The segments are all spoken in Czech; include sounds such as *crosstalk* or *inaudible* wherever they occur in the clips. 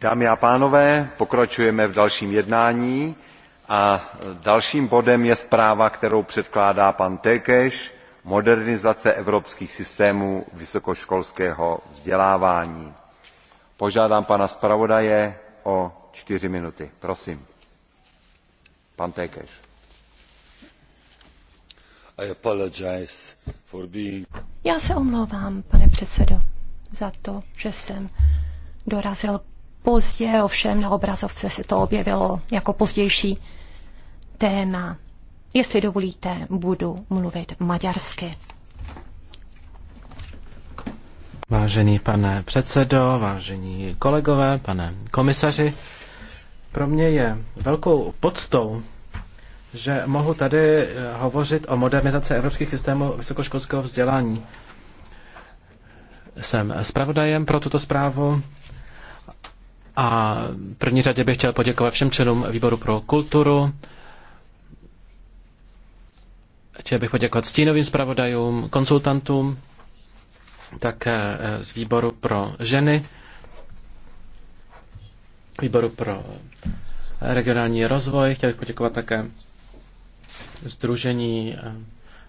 Dámy a pánové, pokračujeme v dalším jednání a dalším bodem je zpráva, kterou předkládá pan Tekeš, modernizace evropských systémů vysokoškolského vzdělávání. Požádám pana zpravodaje o čtyři minuty. Prosím. Pan Tekeš. Being... Já se omlouvám, pane předsedo, za to, že jsem dorazil Pozdě ovšem na obrazovce se to objevilo jako pozdější téma. Jestli dovolíte, budu mluvit maďarsky. Vážený pane předsedo, vážení kolegové, pane komisaři, pro mě je velkou poctou, že mohu tady eh, hovořit o modernizaci evropských systémů vysokoškolského vzdělání. Jsem zpravodajem pro tuto zprávu a v první řadě bych chtěl poděkovat všem členům výboru pro kulturu. Chtěl bych poděkovat stínovým zpravodajům, konsultantům, také eh, z výboru pro ženy, výboru pro regionální rozvoj. Chtěl bych poděkovat také Združení eh,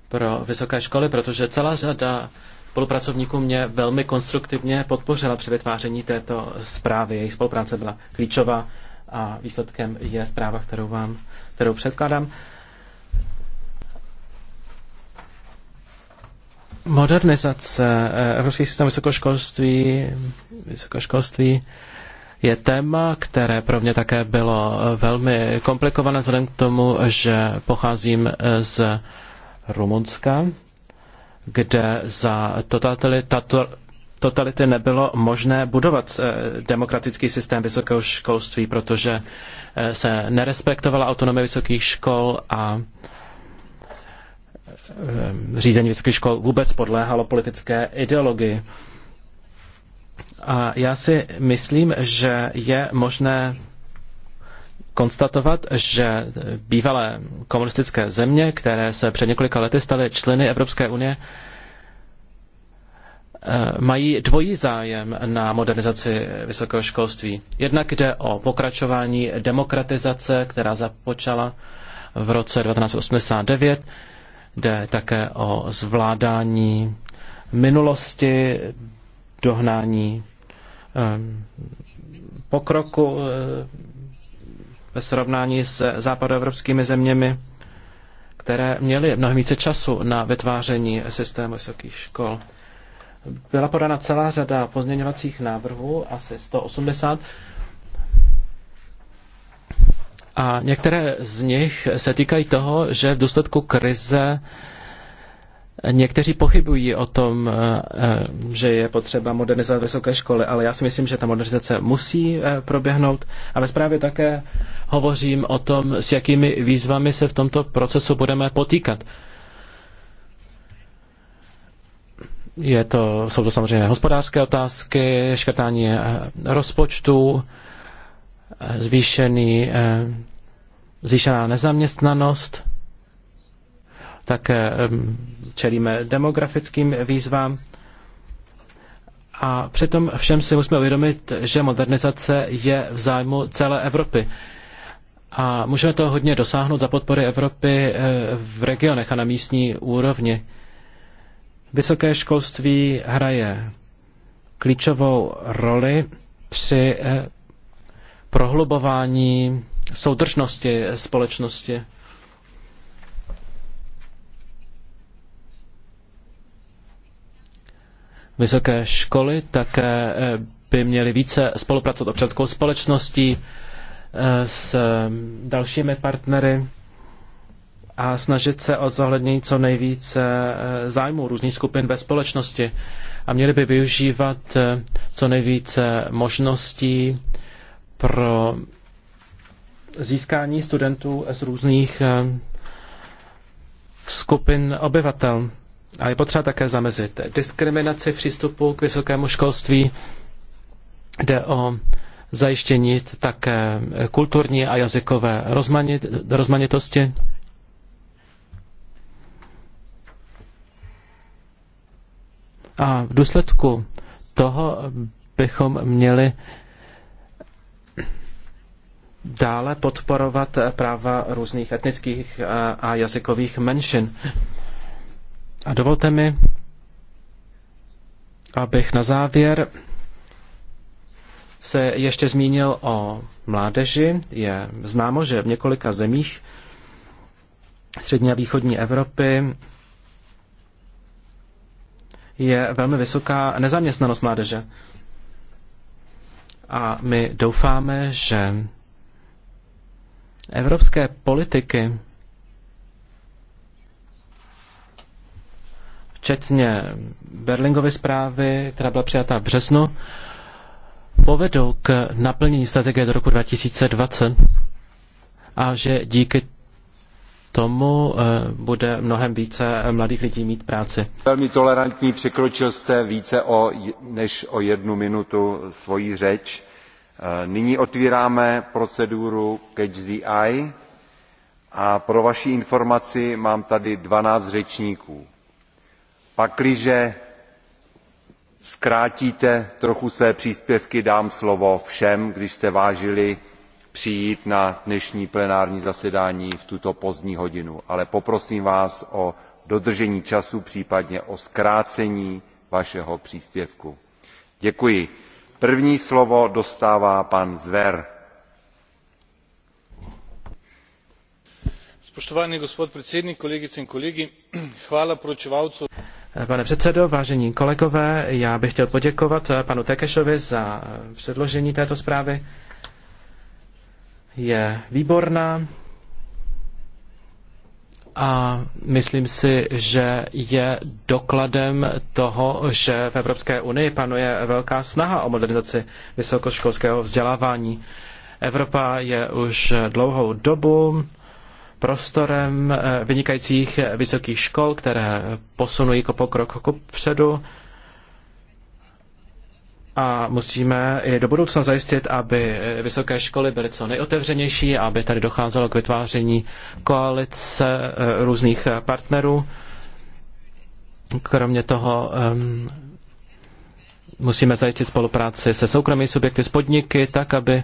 pro vysoké školy, protože celá řada spolupracovníků mě velmi konstruktivně podpořila při vytváření této zprávy. Jejich spolupráce byla klíčová a výsledkem je zpráva, kterou vám kterou předkládám. Modernizace eh, evropských systémů vysokoškolství, vysokoškolství je téma, které pro mě také bylo eh, velmi komplikované vzhledem k tomu, že pocházím eh, z Rumunska, kde za totality nebylo možné budovat eh, demokratický systém vysokého školství, protože eh, se nerespektovala autonomie vysokých škol a eh, řízení vysokých škol vůbec podléhalo politické ideologii. A já si myslím, že je možné konstatovat, že bývalé komunistické země, které se před několika lety staly členy Evropské unie, eh, mají dvojí zájem na modernizaci vysokého školství. Jednak jde o pokračování demokratizace, která započala v roce 1989, jde také o zvládání minulosti, dohnání eh, pokroku eh, ve srovnání s západoevropskými zeměmi, které měly mnohem více času na vytváření systému vysokých škol. Byla podána celá řada pozměňovacích návrhů, asi 180, a některé z nich se týkají toho, že v důsledku krize Někteří pochybují o tom, eh, eh, že je potřeba modernizovat vysoké školy, ale já si myslím, že ta modernizace musí eh, proběhnout. A ve zprávě také hovořím o tom, s jakými výzvami se v tomto procesu budeme potýkat. Je to, jsou to samozřejmě hospodářské otázky, škrtání rozpočtu, zvýšený, zvýšená nezaměstnanost, také eh, čelíme demografickým výzvám. A přitom všem si musíme uvědomit, že modernizace je v zájmu celé Evropy. A můžeme to hodně dosáhnout za podpory Evropy eh, v regionech a na místní úrovni. Vysoké školství hraje klíčovou roli při eh, prohlubování soudržnosti společnosti. Vysoké školy také eh, by měly více spolupracovat občanskou společností eh, s eh, dalšími partnery a snažit se o zohlednění co nejvíce zájmů různých skupin ve společnosti a měli by využívat co nejvíce možností pro získání studentů z různých skupin obyvatel. A je potřeba také zamezit diskriminaci v přístupu k vysokému školství. Jde o zajištění také kulturní a jazykové rozmanit, rozmanitosti. A v důsledku toho bychom měli dále podporovat práva různých etnických a jazykových menšin. A dovolte mi, abych na závěr se ještě zmínil o mládeži. Je známo, že v několika zemích střední a východní Evropy je velmi vysoká nezaměstnanost mládeže. A my doufáme, že evropské politiky včetně Berlingovy zprávy, která byla přijatá v březnu, povedou k naplnění strategie do roku 2020 a že díky tomu eh, bude mnohem více mladých lidí mít práci. Velmi tolerantní, překročil jste více o, než o jednu minutu svoji řeč. Eh, nyní otvíráme proceduru Catch the Eye a pro vaši informaci mám tady 12 řečníků pakliže zkrátíte trochu své příspěvky dám slovo všem když jste vážili přijít na dnešní plenární zasedání v tuto pozdní hodinu ale poprosím vás o dodržení času případně o zkrácení vašeho příspěvku. děkuji. první slovo dostává pan zver. hvala gospod za kolegice in kolegi *clears throat* hvala poročevalcu. Pane předsedo, vážení kolegové, já bych chtěl poděkovat panu Tekešovi za předložení této zprávy. Je výborná a myslím si, že je dokladem toho, že v Evropské unii panuje velká snaha o modernizaci vysokoškolského vzdělávání. Evropa je už dlouhou dobu prostorem eh, vynikajících vysokých škol, které posunují pokrok ku předu. A musíme i do budoucna zajistit, aby eh, vysoké školy byly co nejotevřenější, aby tady docházelo k vytváření koalice eh, různých partnerů. Kromě toho ehm, musíme zajistit spolupráci se soukromými subjekty, s podniky, tak aby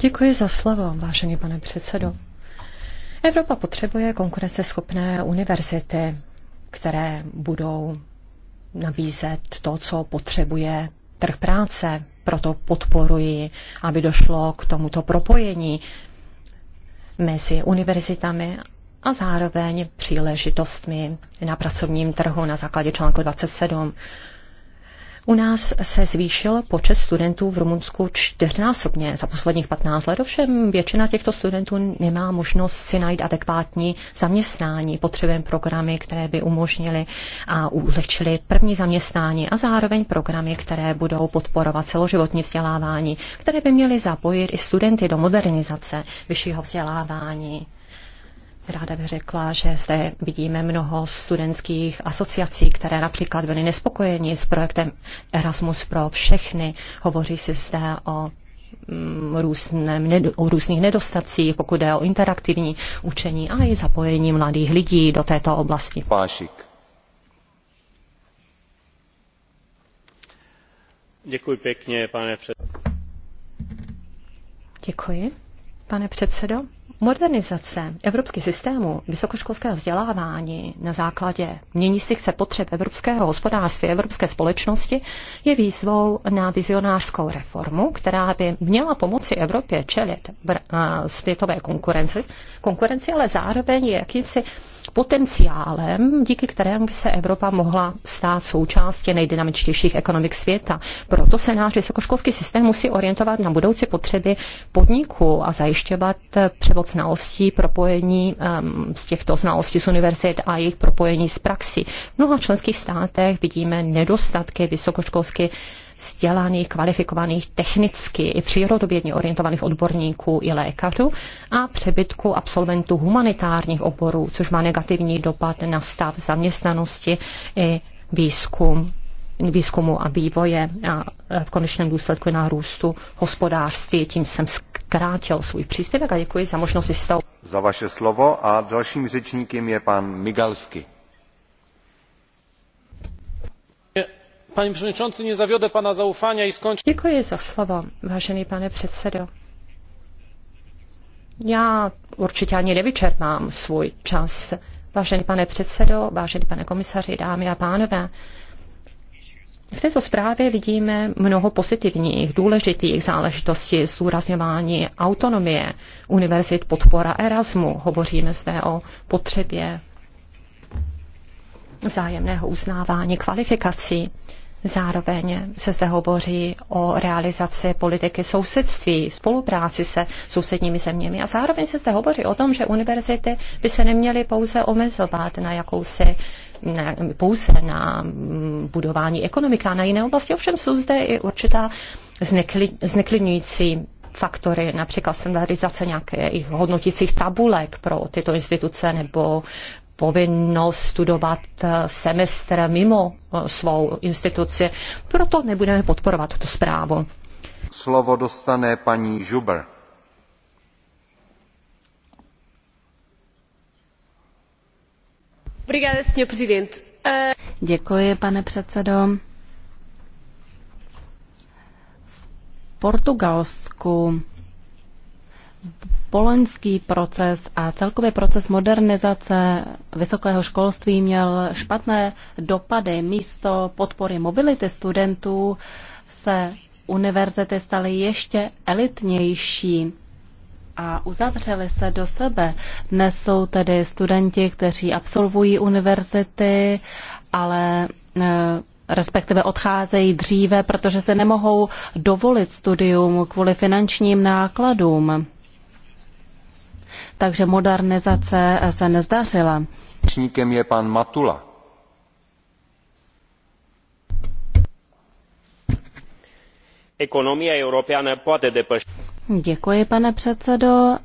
Děkuji za slovo, vážený pane předsedo. Evropa potřebuje konkurenceschopné univerzity, které budou nabízet to, co potřebuje trh práce. Proto podporuji, aby došlo k tomuto propojení mezi univerzitami a zároveň příležitostmi na pracovním trhu na základě článku 27 u nás se zvýšil počet studentů v Rumunsku čtyřnásobně za posledních 15 let, ovšem většina těchto studentů nemá možnost si najít adekvátní zaměstnání, potřebujeme programy, které by umožnily a ulehčily první zaměstnání a zároveň programy, které budou podporovat celoživotní vzdělávání, které by měly zapojit i studenty do modernizace vyššího vzdělávání. Ráda bych řekla, že zde vidíme mnoho studentských asociací, které například byly nespokojeni s projektem Erasmus pro všechny. Hovoří se zde o mm, různém, o různých nedostatcích, pokud je o interaktivní učení a i zapojení mladých lidí do této oblasti. Pášik. Děkuji pěkně, pane předsedo. Děkuji, pane předsedo. Modernizace evropských systémů vysokoškolského vzdělávání na základě měnících se potřeb evropského hospodářství, evropské společnosti je výzvou na vizionářskou reformu, která by měla pomoci Evropě čelit světové konkurenci, konkurenci, ale zároveň je jakýmsi potenciálem, díky kterému by se Evropa mohla stát součástí nejdynamičtějších ekonomik světa. Proto se náš vysokoškolský systém musí orientovat na budoucí potřeby podniků a zajišťovat převod znalostí, propojení um, z těchto znalostí z univerzit a jejich propojení s praxí. V mnoha členských státech vidíme nedostatky vysokoškolských vzdělaných, kvalifikovaných, technicky i přírodovědně orientovaných odborníků i lékařů a přebytku absolventů humanitárních oborů, což má negativní dopad na stav zaměstnanosti i výzkum výzkumu a vývoje a v konečném důsledku na růstu hospodářství. Tím jsem zkrátil svůj příspěvek a děkuji za možnost vystoupit. Za vaše slovo a dalším řečníkem je pan Migalsky Pane předsedající, nezaviodę pana zaufania i skončím. Děkuji za slovo, vážený pane předsedo. Já určitě ani nevyčerpám svůj čas. Vážený pane předsedo, vážený pane komisaři, dámy a pánové, v této zprávě vidíme mnoho pozitivních, důležitých záležitostí zdůrazňování autonomie univerzit, podpora Erasmu. Hovoříme zde o potřebě vzájemného uznávání kvalifikací. Zároveň se zde hovoří o realizaci politiky sousedství, spolupráci se sousedními zeměmi a zároveň se zde hovoří o tom, že univerzity by se neměly pouze omezovat na jakousi na, pouze na mm, budování ekonomika, na jiné oblasti. Ovšem jsou zde i určitá znekli, zneklidňující faktory, například standardizace nějakých hodnotících tabulek pro tyto instituce nebo povinnost studovat eh, semestr mimo eh, svou instituci. Proto nebudeme podporovat tuto zprávu. Slovo dostane paní Žuber. Eh, Děkuji, pane předsedo. V Portugalsku Boloňský proces a celkově proces modernizace vysokého školství měl špatné dopady. Místo podpory mobility studentů se univerzity staly ještě elitnější a uzavřeli se do sebe. Dnes jsou tedy studenti, kteří absolvují univerzity, ale e, respektive odcházejí dříve, protože se nemohou dovolit studium kvůli finančním nákladům takže modernizace se nezdařila. Řečníkem je pan Matula. Ekonomie europeană poate depăși. Děkuji, pane předsedo.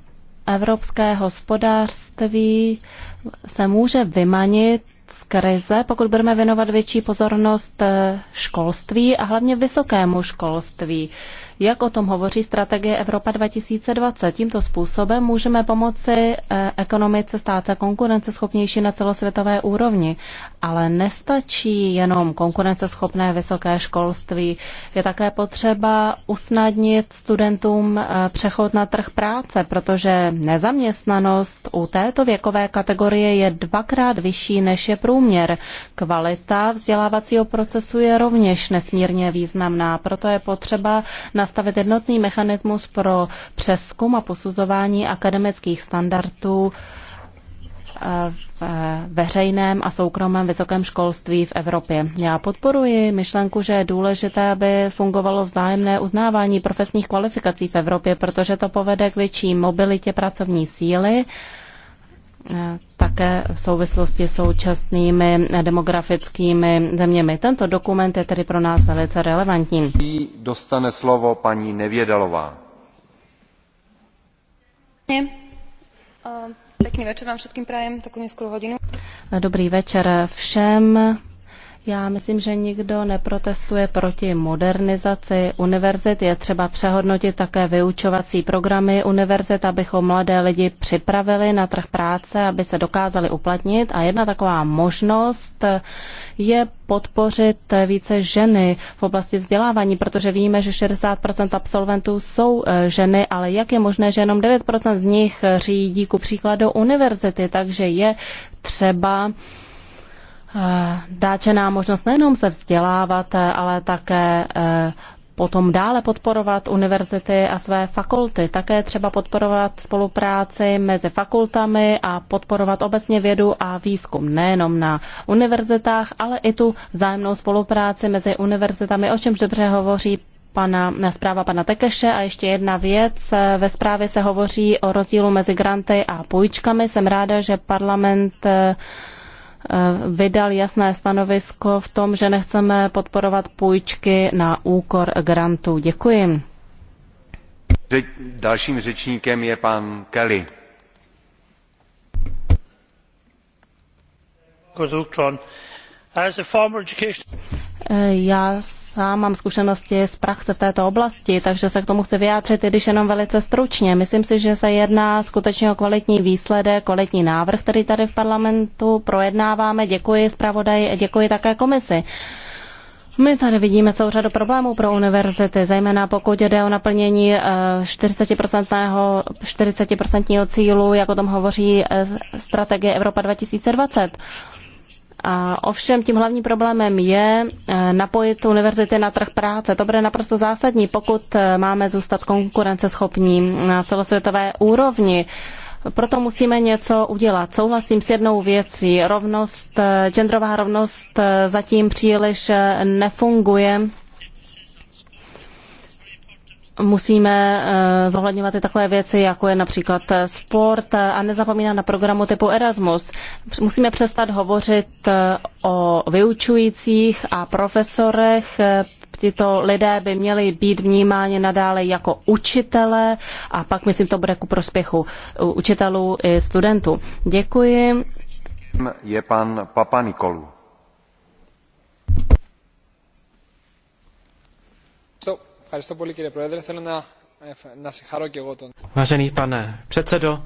Evropské hospodářství se může vymanit z krize, pokud budeme věnovat větší pozornost školství a hlavně vysokému školství jak o tom hovoří strategie Evropa 2020. Tímto způsobem můžeme pomoci eh, ekonomice stát se konkurenceschopnější na celosvětové úrovni. Ale nestačí jenom konkurenceschopné vysoké školství. Je také potřeba usnadnit studentům eh, přechod na trh práce, protože nezaměstnanost u této věkové kategorie je dvakrát vyšší než je průměr. Kvalita vzdělávacího procesu je rovněž nesmírně významná, proto je potřeba na nastavit jednotný mechanismus pro přeskum a posuzování akademických standardů eh, v eh, veřejném a soukromém vysokém školství v Evropě. Já podporuji myšlenku, že je důležité, aby fungovalo vzájemné uznávání profesních kvalifikací v Evropě, protože to povede k větší mobilitě pracovní síly také v souvislosti s současnými demografickými zeměmi. Tento dokument je tedy pro nás velice relevantní. Dostane slovo paní Nevědalová. Eh, pěkný večer vám všetkým prajem, takovou neskorou hodinu. Dobrý večer všem. Já myslím, že nikdo neprotestuje proti modernizaci univerzit. Je třeba přehodnotit také vyučovací programy univerzit, abychom mladé lidi připravili na trh práce, aby se dokázali uplatnit. A jedna taková možnost je podpořit více ženy v oblasti vzdělávání, protože víme, že 60% absolventů jsou eh, ženy, ale jak je možné, že jenom 9% z nich řídí ku příkladu univerzity, takže je třeba Eh, dáče nám možnost nejenom se vzdělávat, eh, ale také eh, potom dále podporovat univerzity a své fakulty. Také třeba podporovat spolupráci mezi fakultami a podporovat obecně vědu a výzkum nejenom na univerzitách, ale i tu vzájemnou spolupráci mezi univerzitami, o čemž dobře hovoří pana, zpráva pana Tekeše a ještě jedna věc. Ve zprávě se hovoří o rozdílu mezi granty a půjčkami. Jsem ráda, že parlament Eh, vydal jasné stanovisko v tom, že nechceme podporovat půjčky na úkor grantů. Děkuji. Dalším řečníkem je pan Kelly. As a former education... E, já sám mám zkušenosti z praxe v této oblasti, takže se k tomu chci vyjádřit, i když jenom velice stručně. Myslím si, že se jedná skutečně o kvalitní výsledek, kvalitní návrh, který tady v parlamentu projednáváme. Děkuji zpravodaji a děkuji také komisi. My tady vidíme celou řadu problémů pro univerzity, zejména pokud jde o naplnění 40%, e, 40% cílu, jak o tom hovoří e, strategie Evropa 2020. Ovšem tím hlavním problémem je eh, napojit univerzity na trh práce. To bude naprosto zásadní, pokud eh, máme zůstat konkurenceschopní na celosvětové úrovni. Proto musíme něco udělat. Souhlasím s jednou věcí. Rovnost, eh, genderová rovnost zatím příliš nefunguje musíme eh, zohledňovat i takové věci, jako je například eh, sport eh, a nezapomínat na programu typu Erasmus. Musíme přestat hovořit o vyučujících a profesorech. Tito lidé by měli být vnímáni nadále jako učitele a pak, myslím, to bude ku prospěchu učitelů i studentů. Děkuji. Je pan Papa Nikolu. Vážený pane předsedo,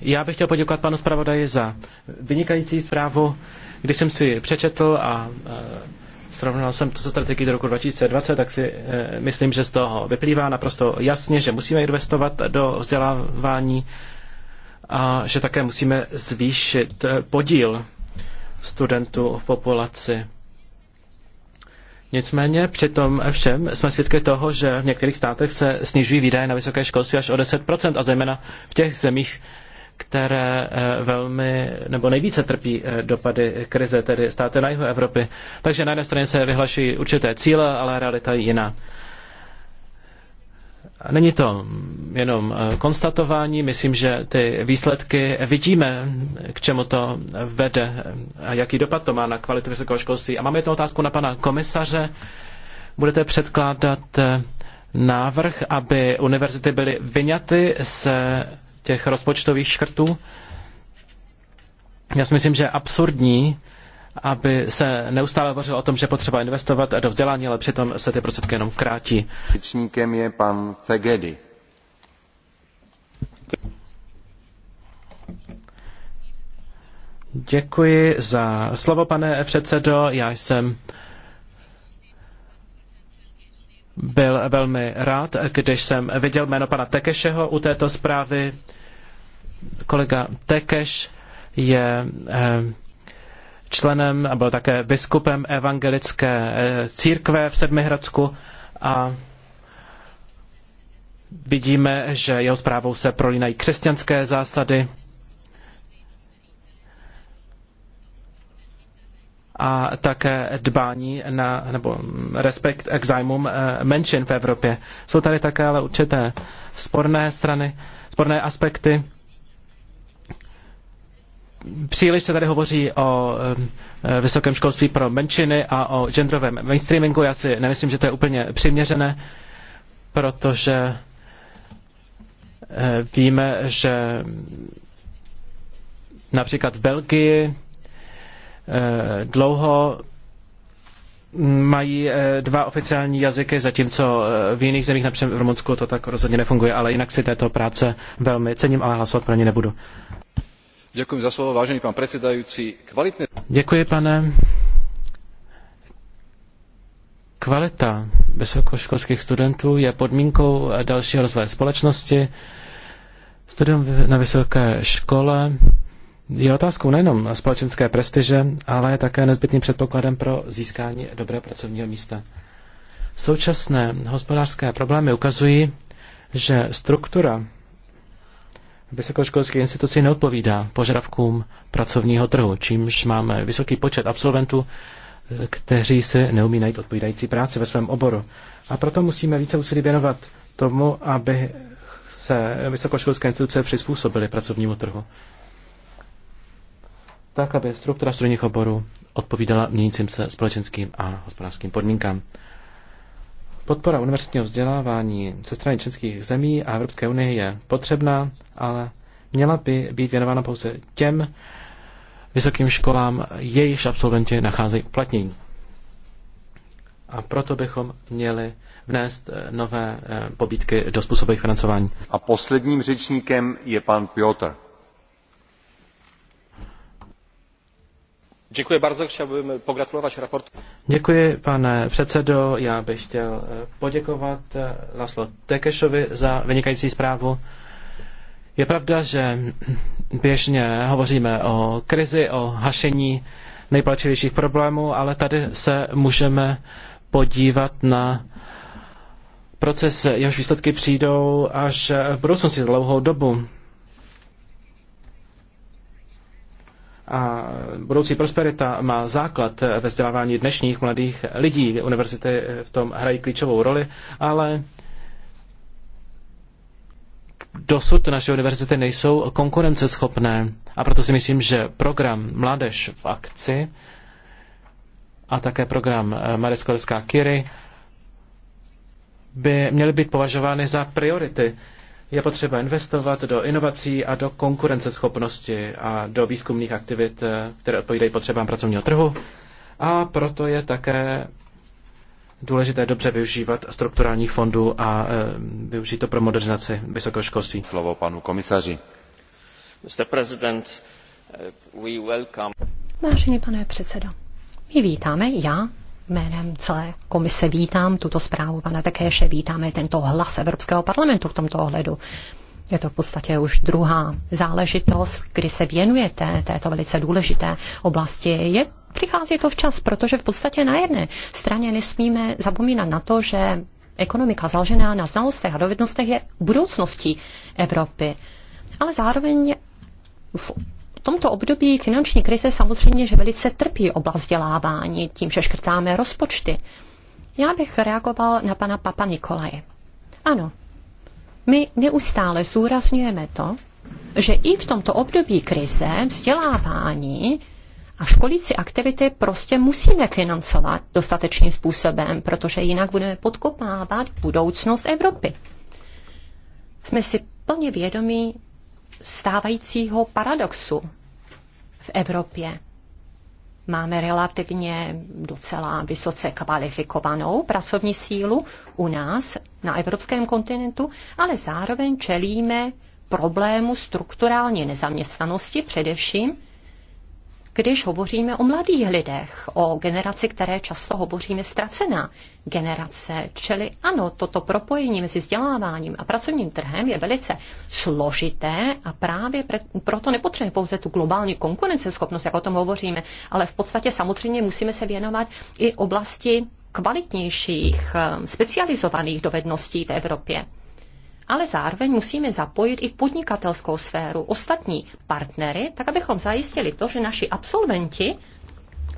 já bych chtěl poděkovat panu zpravodaji za vynikající zprávu. Když jsem si přečetl a e, srovnal jsem to se strategií do roku 2020, tak si e, myslím, že z toho vyplývá naprosto jasně, že musíme investovat do vzdělávání a že také musíme zvýšit e, podíl studentů v populaci. Nicméně přitom všem jsme svědky toho, že v některých státech se snižují výdaje na vysoké školství až o 10%, a zejména v těch zemích, které eh, velmi nebo nejvíce trpí eh, dopady krize, tedy státy na jihu Evropy. Takže na jedné straně se vyhlašují určité cíle, ale realita je jiná. Není to jenom eh, konstatování, myslím, že ty výsledky vidíme, k čemu to vede a jaký dopad to má na kvalitu vysokého školství. A máme jednu otázku na pana komisaře. Budete předkládat eh, návrh, aby univerzity byly vyňaty z těch rozpočtových škrtů? Já si myslím, že je absurdní, aby se neustále hovořilo o tom, že potřeba investovat do vzdělání, ale přitom se ty prostředky jenom krátí. Řečníkem je pan Segedy. Děkuji za slovo, pane předsedo. Já jsem byl velmi rád, když jsem viděl jméno pana Tekešeho u této zprávy. Kolega Tekeš je eh, členem a byl také biskupem evangelické eh, církve v Sedmihradsku a vidíme, že jeho zprávou se prolínají křesťanské zásady a také dbání na, nebo respekt k zájmům eh, menšin v Evropě. Jsou tady také ale určité sporné strany, sporné aspekty Příliš se tady hovoří o eh, vysokém školství pro menšiny a o genderovém mainstreamingu. Já si nemyslím, že to je úplně přiměřené, protože eh, víme, že například v Belgii eh, dlouho mají dva oficiální jazyky, zatímco v jiných zemích, například v Rumunsku, to tak rozhodně nefunguje, ale jinak si této práce velmi cením, ale hlasovat pro ně nebudu. Děkuji Kvalita vysokoškolských studentů je podmínkou dalšího rozvoje společnosti. Studium na vysoké škole je otázkou nejenom společenské prestiže, ale je také nezbytným předpokladem pro získání dobrého pracovního místa. Současné hospodářské problémy ukazují, že struktura vysokoškolských institucí neodpovídá požadavkům pracovního trhu, čímž máme vysoký počet absolventů, eh, kteří se neumí najít odpovídající práci ve svém oboru. A proto musíme více úsilí věnovat tomu, aby se vysokoškolské instituce přizpůsobily pracovnímu trhu. Tak, aby struktura studijních oborů odpovídala měnícím se společenským a hospodářským podmínkám. Podpora univerzitního vzdělávání ze strany českých zemí a Evropské unie je potřebná, ale měla by být věnována pouze těm vysokým školám, jejichž absolventi nacházejí uplatnění. A proto bychom měli vnést eh, nové eh, pobídky do způsobových financování. A posledním řečníkem je pan Piotr. Děkuji bardzo, chciałbym pogratulować raportu. Děkuji, pane předsedo. Já bych chtěl eh, poděkovat eh, Laslo Tekešovi za vynikající zprávu. Je pravda, že běžně hovoříme o krizi, o hašení nejpalčivějších problémů, ale tady se můžeme podívat na proces, jehož výsledky přijdou až v budoucnosti za dlouhou dobu. A budoucí prosperita má základ ve vzdělávání dnešních mladých lidí. Univerzity v tom hrají klíčovou roli, ale dosud naše univerzity nejsou konkurenceschopné. A proto si myslím, že program Mládež v akci a také program eh, Mareckorská Kiry by měly být považovány za priority je potřeba investovat do inovací a do konkurenceschopnosti a do výzkumných aktivit, eh, které odpovídají potřebám pracovního trhu. A proto je také důležité dobře využívat strukturálních fondů a eh, využít to pro modernizaci vysokého školství. Slovo panu komisaři. Mr. President, eh, we welcome... Vážený pane předsedo, my vítáme, já jménem celé komise vítám tuto zprávu pana Tekéše, vítáme tento hlas Evropského parlamentu v tomto ohledu. Je to v podstatě už druhá záležitost, kdy se věnujete této velice důležité oblasti. Je, přichází to včas, protože v podstatě na jedné straně nesmíme zapomínat na to, že ekonomika založená na znalostech a dovednostech je budoucností Evropy. Ale zároveň v tomto období finanční krize samozřejmě, že velice trpí oblast vzdělávání tím, že škrtáme rozpočty. Já bych reagoval na pana Papa Nikolaje. Ano, my neustále zúrazňujeme to, že i v tomto období krize vzdělávání a školící aktivity prostě musíme financovat dostatečným způsobem, protože jinak budeme podkopávat budoucnost Evropy. Jsme si plně vědomí stávajícího paradoxu v Evropě. Máme relativně docela vysoce kvalifikovanou pracovní sílu u nás na evropském kontinentu, ale zároveň čelíme problému strukturální nezaměstnanosti, především když hovoříme o mladých lidech, o generaci, které často hovoříme ztracená generace. Čili ano, toto propojení mezi vzděláváním a pracovním trhem je velice složité a právě proto nepotřebujeme pouze tu globální konkurenceschopnost, jak o tom hovoříme, ale v podstatě samozřejmě musíme se věnovat i oblasti kvalitnějších, eh, specializovaných dovedností v Evropě ale zároveň musíme zapojit i podnikatelskou sféru, ostatní partnery, tak abychom zajistili to, že naši absolventi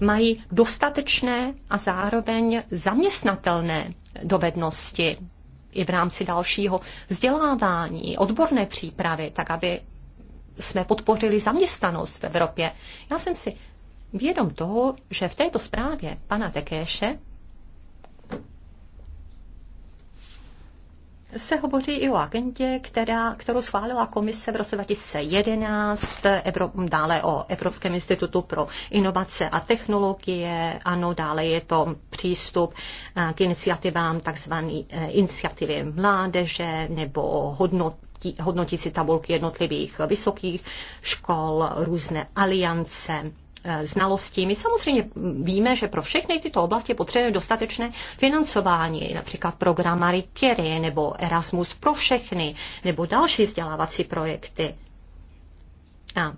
mají dostatečné a zároveň zaměstnatelné dovednosti i v rámci dalšího vzdělávání, odborné přípravy, tak aby jsme podpořili zaměstnanost v Evropě. Já jsem si vědom toho, že v této zprávě pana Tekéše se hovoří i o agentě, která, kterou schválila komise v roce 2011, Evrop, dále o Evropském institutu pro inovace a technologie, ano, dále je to přístup eh, k iniciativám, takzvaný eh, iniciativy mládeže nebo hodnot, hodnotící tabulky jednotlivých vysokých škol, různé aliance Eh, znalostí. My samozřejmě víme, že pro všechny tyto oblasti potřebujeme dostatečné financování, například program Marie Curie nebo Erasmus pro všechny, nebo další vzdělávací projekty. A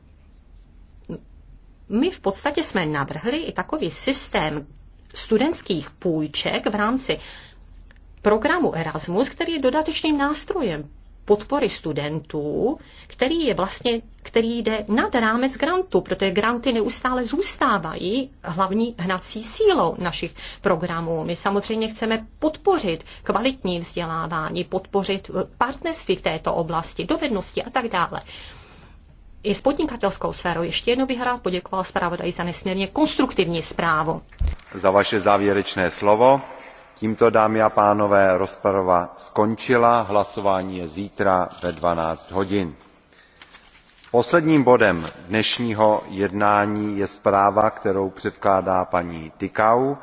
my v podstatě jsme navrhli i takový systém studentských půjček v rámci programu Erasmus, který je dodatečným nástrojem podpory studentů, který je vlastně, který jde nad rámec grantu, protože granty neustále zůstávají hlavní hnací sílou našich programů. My samozřejmě chceme podpořit kvalitní vzdělávání, podpořit eh, partnerství v této oblasti, dovednosti a tak dále. I s podnikatelskou sférou ještě jednou bych rád poděkoval zpravodaji za nesmírně konstruktivní zprávu. Za vaše závěrečné slovo tímto dámy a pánové rozprava skončila hlasování je zítra ve. twelve hodin. posledním bodem dnešního jednání je zpráva kterou předkládá paní icu